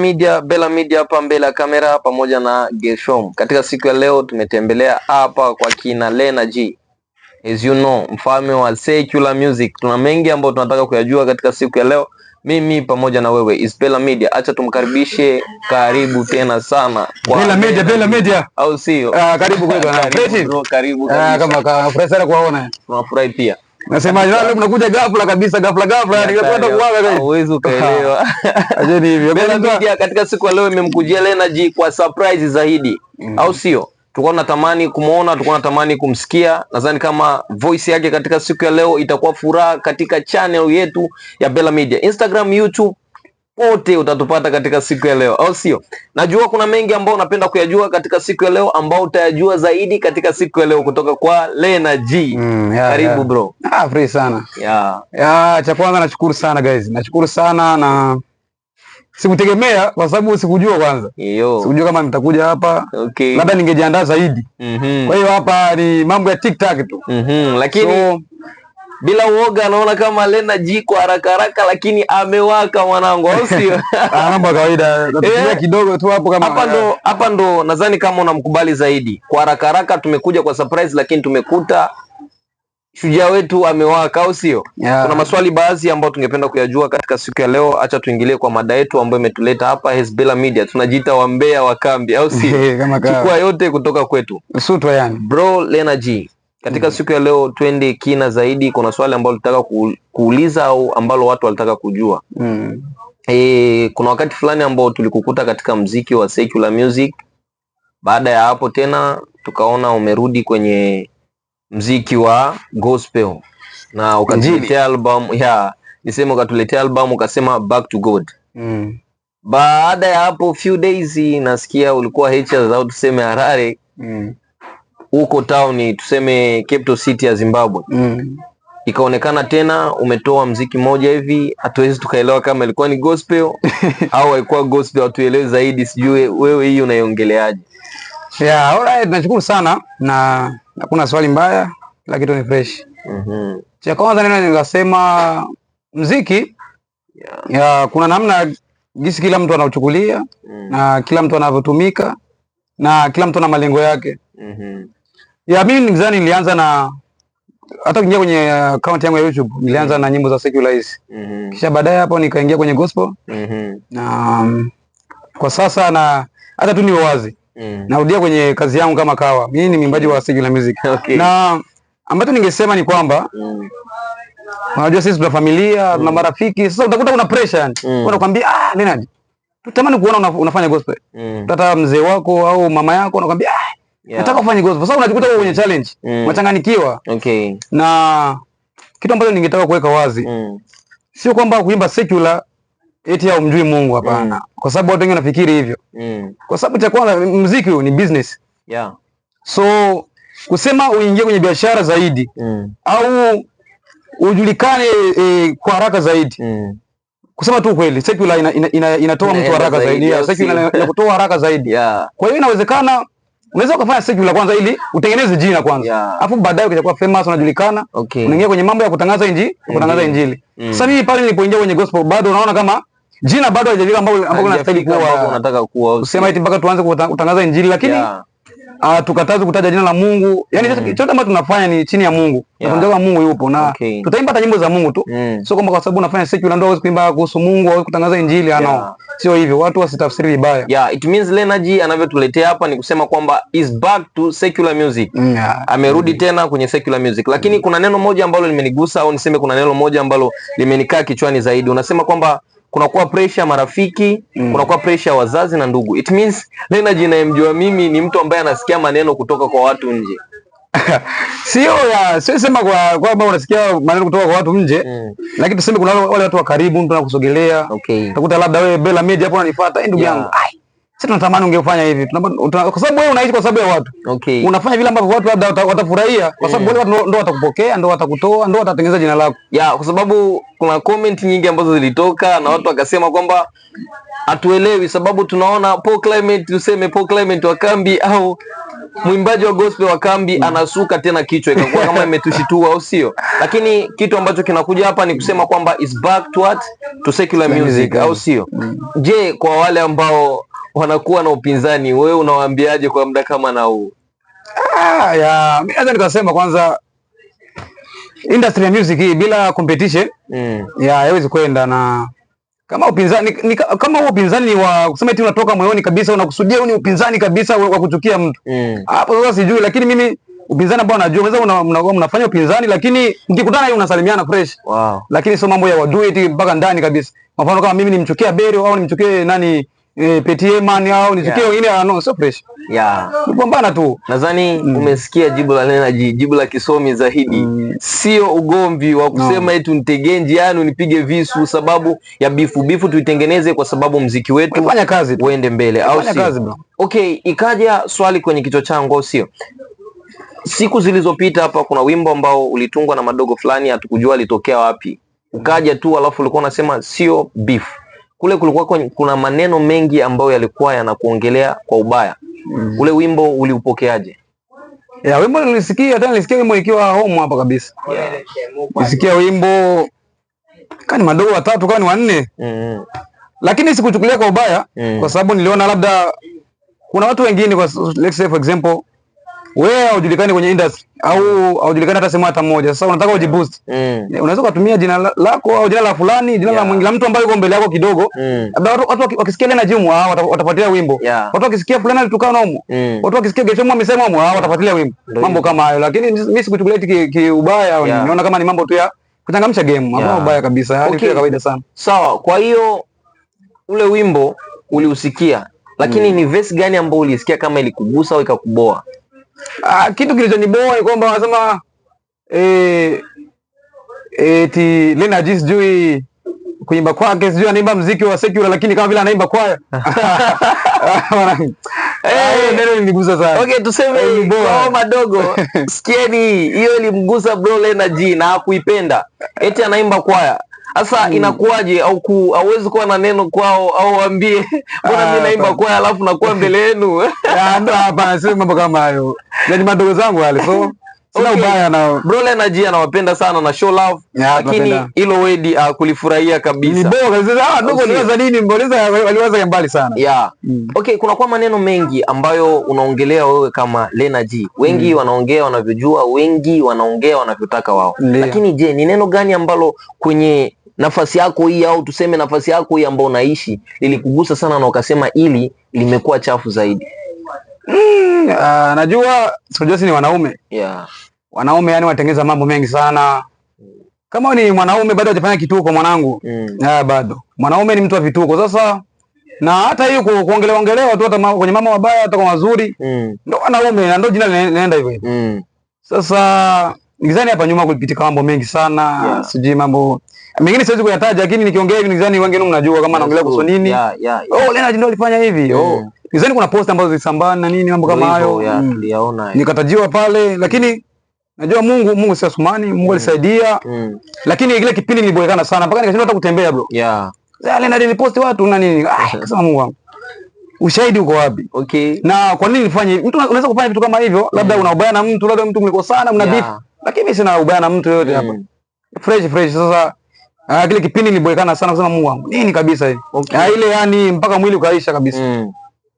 Media, Bela Media hapa mbele ya kamera pamoja na Geshom. Katika siku ya leo tumetembelea hapa kwa kina Lena G. As you know, mfalme wa secular music. Tuna mengi ambayo tunataka kuyajua katika siku ya leo, mimi pamoja na wewe. Is Bella Media. Acha tumkaribishe, karibu tena sana kwa Bela Media, Bella Media. Au sio? Ah, karibu kwetu. Karibu, karibu. Ah, kama sana tunafurahi pia. Nasema yaani leo mnakuja ghafla kabisa, ghafla ghafla, yani nikakwenda yaani kuwaga yaani kwa uwezo ukaelewa. ni hivyo. Bila Media katika siku ya leo imemkujia Lenaji kwa surprise zaidi. Mm. Au sio? Tulikuwa tunatamani kumuona, tulikuwa tunatamani kumsikia. Nadhani kama voice yake katika siku ya leo itakuwa furaha katika channel yetu ya Bella Media, Instagram, YouTube wote utatupata katika siku ya leo, au sio? Najua kuna mengi ambayo unapenda kuyajua katika siku ya leo, ambao utayajua zaidi katika siku ya leo kutoka kwa Lena G. Mm, yeah, karibu yeah. Bro ah, free sana yeah. Yeah, cha kwanza nashukuru sana guys, nashukuru sana na sikutegemea kwa sababu sikujua kwanza, sikujua kama nitakuja hapa okay. Labda ningejiandaa zaidi mm -hmm. Kwa hiyo hapa ni mambo ya TikTok tu mm -hmm. lakini so, bila uoga, anaona kama lena jiko haraka haraka, lakini amewaka mwanangu, au sio? Ah, mambo kawaida, natumia eh, kidogo tu hapo. Kama hapa ndo hapa ndo nadhani kama unamkubali zaidi. Kwa haraka haraka tumekuja kwa surprise, lakini tumekuta shujaa wetu amewaka, au sio? Yeah. Kuna maswali baadhi ambayo tungependa kuyajua katika siku ya leo. Acha tuingilie kwa mada yetu ambayo imetuleta hapa Hezbella Media, tunajiita wambea wa kambi, au sio? Chukua yote kutoka kwetu Sutwa yani. Bro Lena G katika mm. siku ya leo twende kina zaidi. Kuna swali ambalo litaka kuuliza au ambalo watu walitaka kujua mm. E, kuna wakati fulani ambao tulikukuta katika mziki wa secular music. Baada ya hapo tena tukaona umerudi kwenye mziki wa gospel na ukatuletea albamu ya niseme, ukatuletea albamu ukasema Back to God mm. Baada ya hapo few days nasikia ulikuwa hechas au tuseme Harare mm huko town tuseme Capital City ya Zimbabwe mm. Ikaonekana tena umetoa mziki mmoja hivi, hatuwezi tukaelewa kama ilikuwa ni gospel au haikuwa gospel, hatuelewi zaidi. Sijui wewe hii unaiongeleaje? Yeah, alright, nashukuru sana na hakuna swali mbaya, kila kitu ni fresh. mm Cha kwanza neno nikasema mziki yeah. Ya, kuna namna jinsi kila mtu anauchukulia mm. na kila mtu anavyotumika na kila mtu ana malengo yake mm ya mimi nilizani nilianza na hata kuingia kwenye uh, account yangu ya YouTube nilianza mm -hmm. na nyimbo za secularize. Mm -hmm. Kisha baadaye hapo nikaingia kwenye gospel. Mm -hmm. Na um, kwa sasa na hata tu ni wazi. Mm -hmm. Narudia kwenye kazi yangu kama kawa. Mimi ni mwimbaji wa secular music. Okay. Na ambacho ningesema ni kwamba mm. -hmm. Unajua sisi tuna familia, mm. tuna mm. -hmm. marafiki. Sasa utakuta kuna pressure yani. Mm. -hmm. Wanakuambia ah, Leonard, tutamani kuona una, unafanya gospel. Mm. -hmm. Tata mzee wako au mama yako wanakuambia ah, yeah. Nataka ufanye kwa sababu unajikuta wewe kwenye challenge, mm. unachanganyikiwa. Okay. Na kitu ambacho ningetaka kuweka wazi, mm. sio kwamba kuimba secular eti au mjui Mungu, hapana. Mm. Kwa sababu watu wengi wanafikiri hivyo. Mm. Kwa sababu cha kwanza muziki ni business. Yeah. So kusema uingie kwenye biashara zaidi mm. au ujulikane e, kwa haraka zaidi mm. Kusema tu kweli secular inatoa ina, ina, ina mtu haraka zaidi, zaidi. Yeah, secular inakutoa haraka zaidi yeah. Kwa hiyo inawezekana Unaweza ukafanya stage la kwanza ili utengeneze jina kwanza. Alafu yeah. Baadaye ukija famous unajulikana. Okay. Unaingia kwenye mambo ya kutangaza injili, kutangaza injili. Mm. Sasa mimi pale nilipoingia kwenye gospel bado unaona kama jina bado haijafika ambapo ambapo unastahili kuwa unataka kuwa. Usema eti mpaka tuanze kutangaza injili lakini yeah. Ah, tukatazi kutaja jina la Mungu. Yaani mm. chochote ambacho tunafanya ni chini ya Mungu. Yeah. Tunajua Mungu yupo na okay. tutaimba hata nyimbo za Mungu tu. Mm. Sio kwamba kwa sababu unafanya na ndoa huwezi kuimba kuhusu Mungu au kutangaza injili yeah. Ano. Sio hivyo. Watu wasitafsiri vibaya. Yeah, it means Lenaji anavyotuletea hapa ni kusema kwamba is back to secular music. Yeah. Amerudi mm. tena kwenye secular music. Lakini mm. kuna neno moja ambalo limenigusa au niseme kuna neno moja ambalo limenikaa kichwani zaidi. Unasema kwamba kunakuwa pressure marafiki mm. kunakuwa pressure wazazi na ndugu. It means Leonard inayemjua mimi ni mtu ambaye anasikia maneno kutoka kwa watu nje sio ya sio sema kwa kwamba unasikia maneno kutoka kwa watu nje mm. Lakini tuseme kuna wale watu wa karibu, mtu anakusogelea okay. Utakuta labda wewe bela Media hapo unanifuata eh, ndugu yangu yeah si tunatamani ungefanya hivi. Kwa sababu wewe unaishi kwa sababu ya watu. Okay. Unafanya vile ambavyo watu labda watafurahia kwa sababu wale watu ndo watakupokea, ndo watakutoa, ndo watatengeneza jina lako. Ya, yeah, kwa sababu kuna comment nyingi ambazo zilitoka na watu wakasema kwamba hatuelewi sababu tunaona poor climate, tuseme poor climate wa kambi au mwimbaji wa gospel wa kambi mm. anasuka tena kichwa, ikakuwa kama imetushitua, au sio? Lakini kitu ambacho kinakuja hapa ni kusema kwamba is back to what to secular music, au sio? mm. Je, kwa wale ambao wanakuwa na upinzani, wewe unawaambiaje kwa muda kama na huu? Ah, ya mimi naweza nikasema kwanza industry ya music hii bila competition mm. ya haiwezi kwenda na kama upinzani ni, ni, kama huo upinzani wa kusema eti unatoka moyoni kabisa unakusudia, ni upinzani kabisa wa kuchukia mtu mm. hapo mm. sasa sijui, lakini mimi upinzani ambao najua unaweza una, una, una, unafanya upinzani lakini mkikutana hiyo unasalimiana fresh wow. Lakini sio mambo ya wadui eti mpaka ndani kabisa. Mfano kama mimi nimchukia Berio au nimchukie nani eh, mani au ni tukio yeah. No, sio pressure yeah. Kupambana tu. Nadhani mm. umesikia jibu la nena jibu la kisomi zaidi mm. Sio ugomvi wa kusema eti Nitegee njiani nipige visu sababu ya bifu bifu, tuitengeneze kwa sababu mziki wetu fanya kazi uende mbele au bro. Okay, ikaja swali kwenye kichwa changu au sio? Siku zilizopita hapa kuna wimbo ambao ulitungwa na madogo fulani, hatukujua alitokea wapi, ukaja tu alafu ulikuwa unasema sio bifu kule kulikuwa kuna maneno mengi ambayo yalikuwa yanakuongelea kwa ubaya mm. Ule wimbo uliupokeaje? Ya, wimbo nilisikia, hata nilisikia wimbo ikiwa home hapa kabisa yeah. Nilisikia wimbo kani madogo watatu kani wanne mm. Lakini sikuchukulia kwa ubaya mm. Kwa sababu niliona labda kuna watu wengine kwa let's say for example wewe haujulikani kwenye industry au mm. haujulikani hata sehemu hata moja. Sasa unataka ujiboost, mm. Eh, unaweza kutumia jina lako au jina la fulani, jina yeah. la mwingine, mtu ambaye yuko mbele yako kidogo, mm. labda mm. watu wakisikia Lena Juma watafuatilia wimbo yeah. watu wakisikia fulani alitukana humo mm. watu wakisikia Gachemwa amesema humo watafuatilia wimbo, mambo kama hayo, lakini mimi sikuchukulia kiubaya ki yeah. naona kama ni mambo tu ya kuchangamsha game, mambo yeah. mabaya kabisa, hali okay. kawaida sana. Sawa, kwa hiyo ule wimbo uliusikia, lakini mm. ni verse gani ambayo ulisikia kama ilikugusa au ikakuboa? Ah, kitu kilichoniboa ni kwamba wanasema eh, eh ti Lena G sijui kuimba kwake sijui anaimba mziki wa secular lakini kama vile anaimba kwaya. Eh, neno linigusa sana. Okay, tuseme kwa eh, madogo sikieni hiyo ilimgusa bro Lena G na hakuipenda. Eti anaimba kwaya hasa mm. inakuwaje au ku, auwezi kuwa na neno kwao au waambie mbona mimi ah, naimba kwaya alafu nakuwa mbele yenu? Ndio, hapana, sio mambo kama hayo. Yaani madogo zangu wale so sina okay. ubaya nao. Bro Lenaji anawapenda sana na show love yeah, lakini hilo wedi uh, ah, kulifurahia kabisa. Ni bora kabisa. Ah, ndugu aliwaza nini? Mbona aliwaza ya mbali sana. Yeah. Mm. Okay, kuna kwa maneno mengi ambayo unaongelea wewe kama Lenaji. Wengi mm. wanaongea wanavyojua, wengi wanaongea wanavyotaka wao. Yeah. Lakini je, ni neno gani ambalo kwenye nafasi yako hii au tuseme nafasi yako hii ambayo unaishi lilikugusa sana na ukasema ili limekuwa chafu zaidi? Mm, uh, najua sikujua si ni wanaume yeah. Wanaume yani wanatengeza mambo mengi sana. Kama ni mwanaume bado hajafanya kituko mwanangu mm. Ah, bado mwanaume ni mtu wa vituko sasa na hata hiyo kuongelea ongelea tu hata ma, kwenye mama wabaya hata kwa mazuri mm. Ndio wanaume na ndio jina linaenda hivyo hivyo mm. Sasa gizani hapa nyuma kulipitika mambo mengi sana yeah. Sijui mambo mingine siwezi kuyataja, lakini nikiongea hivi nidhani wengi wenu mnajua kama anaongelea kuhusu nini. Yeah, yeah, yeah. Oh, Leonard ndio alifanya hivi. Yeah. Oh. Nidhani kuna posta ambazo zisambaa na nini mambo kama hayo. Yeah, mm. Yeah. Nikatajiwa pale lakini najua Mungu Mungu si Asumani, Mungu mm. alisaidia. Mm. Lakini ile kipindi nilibwekana sana mpaka nikashindwa hata kutembea bro. Yeah. Sasa Leonard aliposti watu na nini? Ah, kasema Mungu wangu. Ushahidi uko wapi? Okay. Na kwa nini nifanye? Mtu unaweza kufanya vitu kama hivyo, labda mm. una ubaya na mtu, labda mtu mlikosana, mna beef. Lakini mimi sina ubaya na mtu yote mm. hapa. Fresh fresh sasa Ah, kile kipindi niliboekana sana kusema Mungu wangu. Nini kabisa hivi? Okay. Ah, ile yani mpaka mwili ukaisha kabisa. Mm.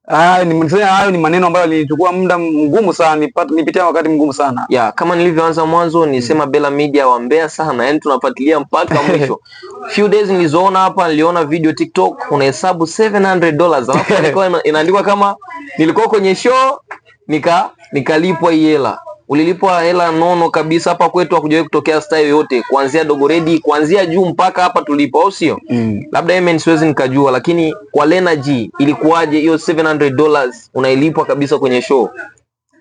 Ah, nimesema hayo ni maneno ambayo nilichukua muda mgumu sana nipata nipitia wakati mgumu sana. Ya, yeah, kama nilivyoanza mwanzo nisema mm. Bela Media wa Mbeya sana. yani tunafuatilia mpaka mwisho. Few days nilizoona hapa niliona video TikTok unahesabu 700 dollars. Alafu ilikuwa inaandikwa kama nilikuwa kwenye show nika nikalipwa hii hela ulilipwa hela nono kabisa. Hapa kwetu hakujawahi kutokea style yoyote, kuanzia dogo redi, kuanzia juu mpaka hapa tulipo, au sio? mm. labda mimi siwezi nikajua, lakini kwa Lena G ilikuwaje hiyo 700 dollars unailipwa kabisa kwenye show?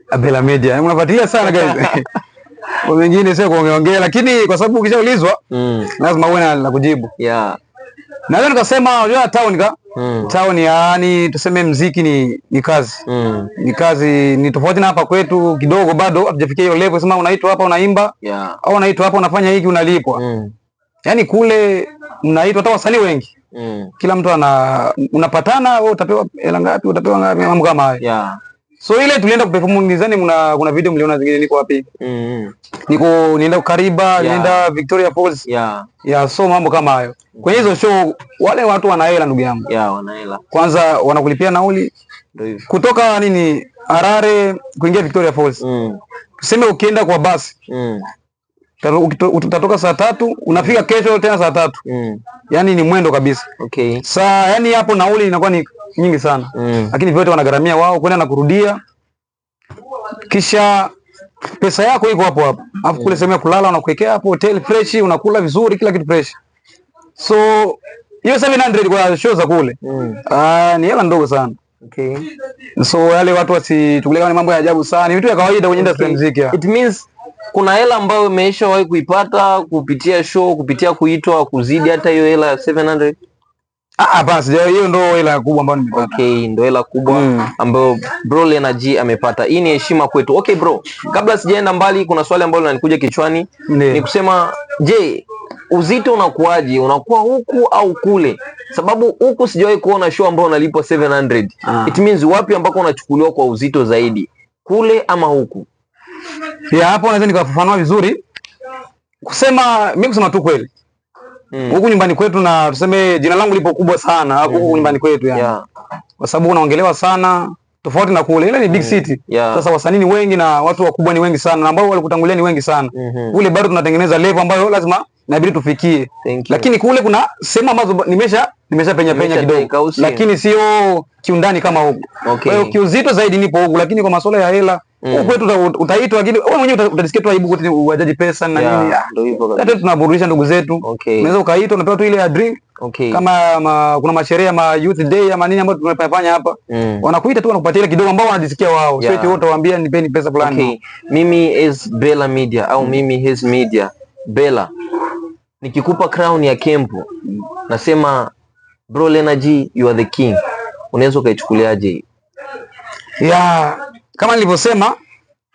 Abela Media unafuatilia eh, sana guys wengine sio kuongeongea, lakini kwa sababu ukishaulizwa mm. lazima uwe na kujibu yeah. Naweza nikasema unajua town ka mm. town yani tuseme mziki ni ni kazi. Mm. Ni kazi ni tofauti na hapa kwetu kidogo bado hatujafikia hiyo level sema unaitwa hapa unaimba yeah. au unaitwa hapa unafanya hiki unalipwa. Mm. Yaani kule mnaitwa hata wasanii wengi. Mm. Kila mtu ana unapatana wewe utapewa hela ngapi utapewa ngapi mambo kama hayo. Yeah. So ile tulienda kuperform nizani, muna kuna video mliona zingine, niko wapi? Mm. Niko nienda Kariba, yeah. Nienda Victoria Falls. Yeah. Yeah, so mambo kama hayo. Kwenye hizo show wale watu wanaela ndugu yangu. Yeah, wanaela. Kwanza wanakulipia nauli. Ndio hivyo. Kutoka nini Harare kuingia Victoria Falls. Mm. Tuseme ukienda kwa basi. Mm. Utatoka saa tatu unafika kesho tena saa tatu. Mm. Yaani ni mwendo kabisa. Okay. Saa yani hapo nauli inakuwa ni nyingi sana mm. Lakini vyote wanagharamia wao kwenda na kurudia, kisha pesa yako iko hapo hapo, afu kule mm. sehemu ya kulala wanakuwekea hapo hotel fresh, unakula vizuri, kila kitu fresh. So hiyo 700 kwa show za kule mm. Ah, ni hela ndogo sana. Okay. So wale watu wasitukulia ni mambo ya ajabu sana, ni vitu vya kawaida kwenye industry okay. muziki. It means kuna hela ambayo umeishawahi kuipata kupitia show, kupitia kuitwa, kuzidi hata hiyo hela ya 700. Hapana, ah, sija hiyo ndo hela kubwa ambayo nimepata. Okay, ndo hela kubwa mm, ambayo bro Lenaji amepata. Hii ni heshima kwetu. Okay bro, kabla sijaenda mbali, kuna swali ambalo linanikuja kichwani ni kusema je, uzito unakuwaje? Unakuwa huku au kule? Sababu huku sijawahi kuona show ambayo unalipwa 700. Ah. It means wapi ambako unachukuliwa kwa uzito zaidi? Kule ama huku? Ya hapo naweza nikafafanua vizuri. Kusema mimi kusema tu kweli. Mm. huku nyumbani kwetu, na tuseme jina langu lipo kubwa sana huku mm. nyumbani kwetu yani. Yeah. Kwa sababu unaongelewa sana tofauti na kule ile ni big mm. city yeah. Sasa wasanii ni wengi na watu wakubwa ni wengi sana na ambao walikutangulia ni wengi sana mm -hmm. Kule bado tunatengeneza level ambayo lazima inabidi tufikie, lakini kule kuna sehemu ambazo nimesha nimesha penya penya kidogo, lakini sio kiundani kama huko okay. Kwa hiyo kiuzito zaidi nipo huko, lakini kwa masuala ya hela Mm. kwetu utaitwa lakini wewe mwenyewe utajisikia tu aibu kwetu uwajaji pesa na nini. Ndio hivyo tunaburudisha ndugu zetu. Unaweza ukaitwa unapewa tu ile ya drink. Kama ma, kuna masherehe ma youth day ama nini ambayo tunafanya hapa. Mm. Wanakuita tu wanakupatia ile kidogo ambao wanajisikia wao. Yeah. Sio wote nipeni pesa fulani. Okay. Mimi is Bella Media au mm. mimi his media. Bella. Nikikupa crown ya Kempo nasema bro Lena you are the king. Unaweza ukaichukuliaje? Yeah. Kama nilivyosema,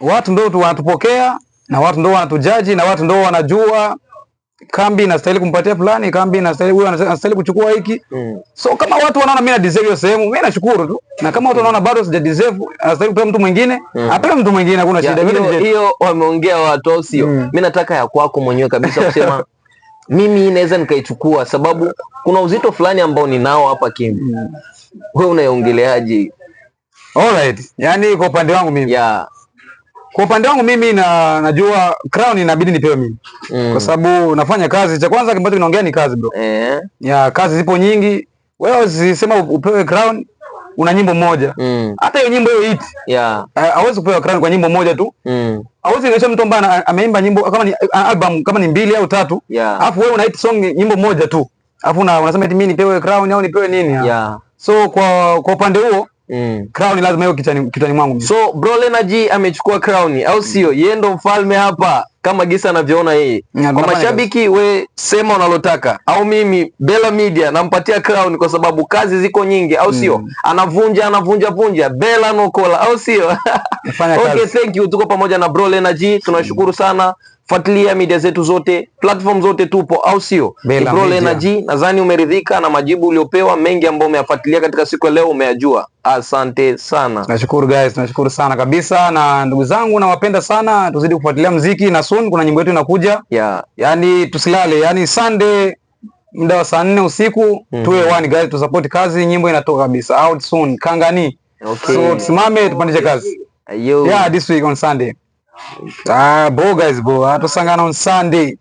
watu ndio wanatupokea na watu ndio wanatujaji na watu ndio wanajua kambi inastahili kumpatia fulani, kambi inastahili huyo anastahili kuchukua hiki. Mm. So kama watu wanaona mimi na deserve hiyo sehemu, mimi nashukuru tu. Na kama watu wanaona bado sija deserve, anastahili kupewa mtu mwingine, mm. apewe mtu mwingine hakuna shida. Vile hiyo wameongea watu au sio? Mm. Mimi nataka ya kwako mwenyewe kabisa kusema mimi naweza nikaichukua sababu kuna uzito fulani ambao ninao hapa kimbi. Mm. Wewe unaongeleaje Alright. Yaani kwa upande wangu mimi. Yeah. Kwa upande wangu mimi na najua crown inabidi nipewe mimi. Mm. Kwa sababu nafanya kazi. Cha kwanza ambacho ninaongea ni kazi bro. Eh. Ya kazi zipo nyingi. Wewe usisema upewe crown una nyimbo moja. Mm. Hata hiyo nyimbo hiyo hit. Yeah. Hawezi kupewa crown kwa nyimbo moja tu. Mm. Hawezi ngesha mtu ambaye ameimba nyimbo kama ni album kama ni mbili au tatu. Yeah. Alafu wewe una hit song nyimbo moja tu. Alafu una, unasema eti mimi nipewe crown au nipewe nini? Ya. Yeah. So kwa kwa upande huo Mm. Crown lazima iko kitani kitani mwangu. So bro Lenaji amechukua crown au mm. sio? Yeye ndo mfalme hapa kama gisa anavyoona yeye. Kwa mashabiki we sema unalotaka au mimi Bela Media nampatia crown kwa sababu kazi ziko nyingi au sio? Mm. Anavunja anavunja vunja Bela nokola au sio? Okay, thank you. Tuko pamoja na bro Lenaji tunashukuru mm. sana fuatilia media zetu zote, platform zote tupo, au sio? Aprol Energy, nadhani umeridhika na majibu uliopewa. Mengi ambayo umeyafuatilia katika siku ya leo umeyajua. Asante sana, nashukuru guys, nashukuru sana kabisa. Na ndugu zangu, nawapenda sana, tuzidi kufuatilia mziki na soon kuna nyimbo yetu inakuja yeah. Yani tusilale, yani Sunday muda wa saa nne usiku mm -hmm. tuwe one guys, tusupport kazi, nyimbo inatoka kabisa out soon, kangani okay. So tusimame tupandishe kazi yeah, this week on Sunday. Ah, bo guys, bo, atosangana on Sunday.